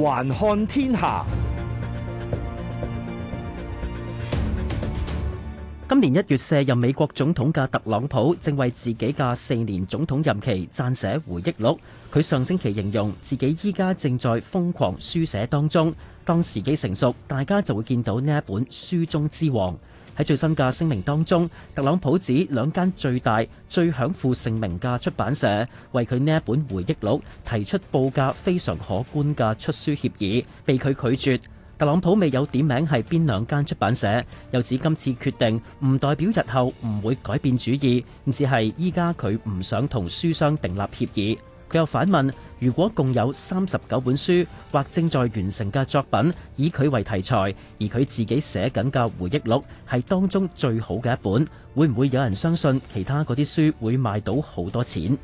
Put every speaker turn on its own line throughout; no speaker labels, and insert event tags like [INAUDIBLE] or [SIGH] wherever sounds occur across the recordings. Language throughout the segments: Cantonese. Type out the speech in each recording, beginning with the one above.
環看天下。今年一月卸任美國總統嘅特朗普，正為自己嘅四年總統任期撰寫回憶錄。佢上星期形容自己依家正在瘋狂書寫當中，當時機成熟，大家就會見到呢一本書中之王。喺最新嘅聲明當中，特朗普指兩間最大、最享富盛名嘅出版社為佢呢一本回憶錄提出報價非常可觀嘅出書協議，被佢拒絕。特朗普未有點名係邊兩間出版社，又指今次決定唔代表日後唔會改變主意，只係依家佢唔想同書商訂立協議。佢又反問：如果共有三十九本書，或正在完成嘅作品以佢為題材，而佢自己寫緊嘅回憶錄係當中最好嘅一本，會唔會有人相信其他嗰啲書會賣到好多錢？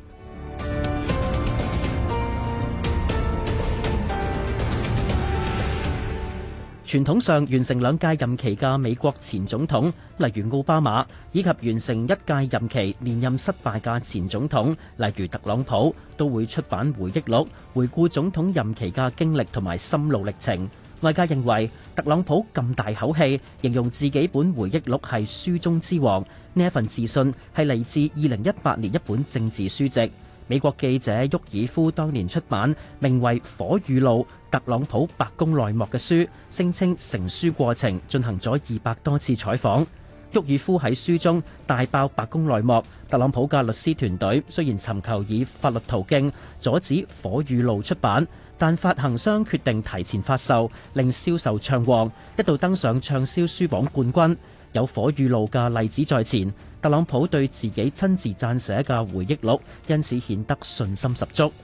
傳統上完成兩屆任期嘅美國前總統，例如奧巴馬，以及完成一屆任期連任失敗嘅前總統，例如特朗普，都會出版回憶錄，回顧總統任期嘅經歷同埋心路歷程。外界認為特朗普咁大口氣，形容自己本回憶錄係書中之王，呢一份自信係嚟自二零一八年一本政治書籍。美國記者沃爾夫當年出版名為《火與怒：特朗普白宮內幕》嘅書，聲稱成書過程進行咗二百多次採訪。沃爾夫喺書中大爆白宮內幕。特朗普嘅律師團隊雖然尋求以法律途徑阻止《火與怒》出版，但發行商決定提前發售，令銷售暢旺，一度登上暢銷書榜冠軍。有火與怒嘅例子在前，特朗普對自己親自撰寫嘅回憶錄，因此顯得信心十足。 [MUSIC]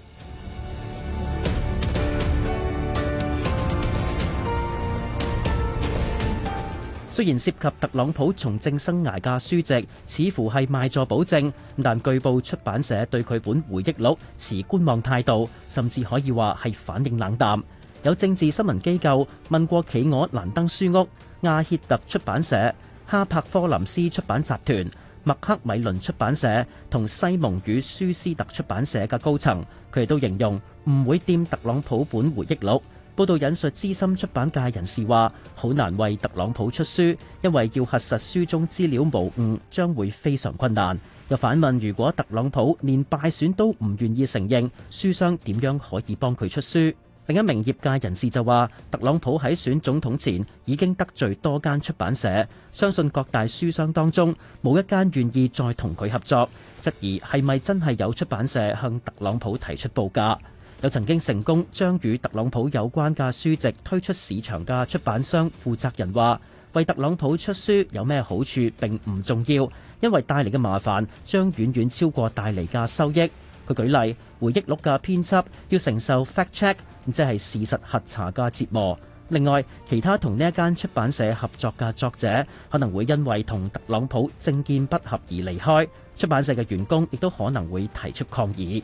雖然涉及特朗普從政生涯嘅書籍，似乎係賣座保證，但據報出版社對佢本回憶錄持觀望態度，甚至可以話係反應冷淡。有政治新聞機構問過企鵝蘭登書屋、亞歇特出版社、哈珀科林斯出版集團、麥克米倫出版社同西蒙與舒斯特出版社嘅高層，佢哋都形容唔會掂特朗普本回憶錄。報道引述資深出版界人士話，好難為特朗普出書，因為要核實書中資料無誤將會非常困難，又反問，如果特朗普連敗選都唔願意承認，書商點樣可以幫佢出書？另一名業界人士就話，特朗普喺選總統前已經得罪多間出版社，相信各大書商當中冇一間願意再同佢合作，質疑係咪真係有出版社向特朗普提出報價？有曾經成功將與特朗普有關嘅書籍推出市場嘅出版商負責人話，為特朗普出書有咩好處並唔重要，因為帶嚟嘅麻煩將遠遠超過帶嚟嘅收益。佢舉例，回憶錄嘅編輯要承受 fact check，即係事實核查嘅折磨。另外，其他同呢一間出版社合作嘅作者可能會因為同特朗普政見不合而離開，出版社嘅員工亦都可能會提出抗議。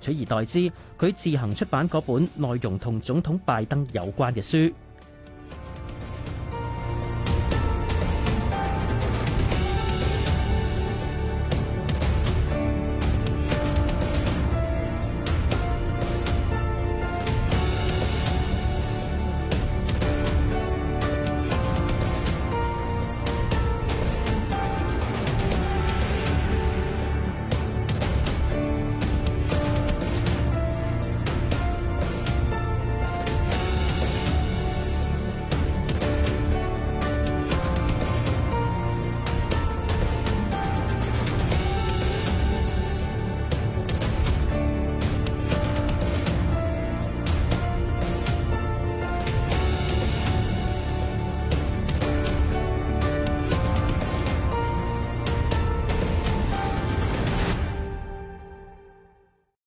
取而代之，佢自行出版嗰本內容同總統拜登有關嘅書。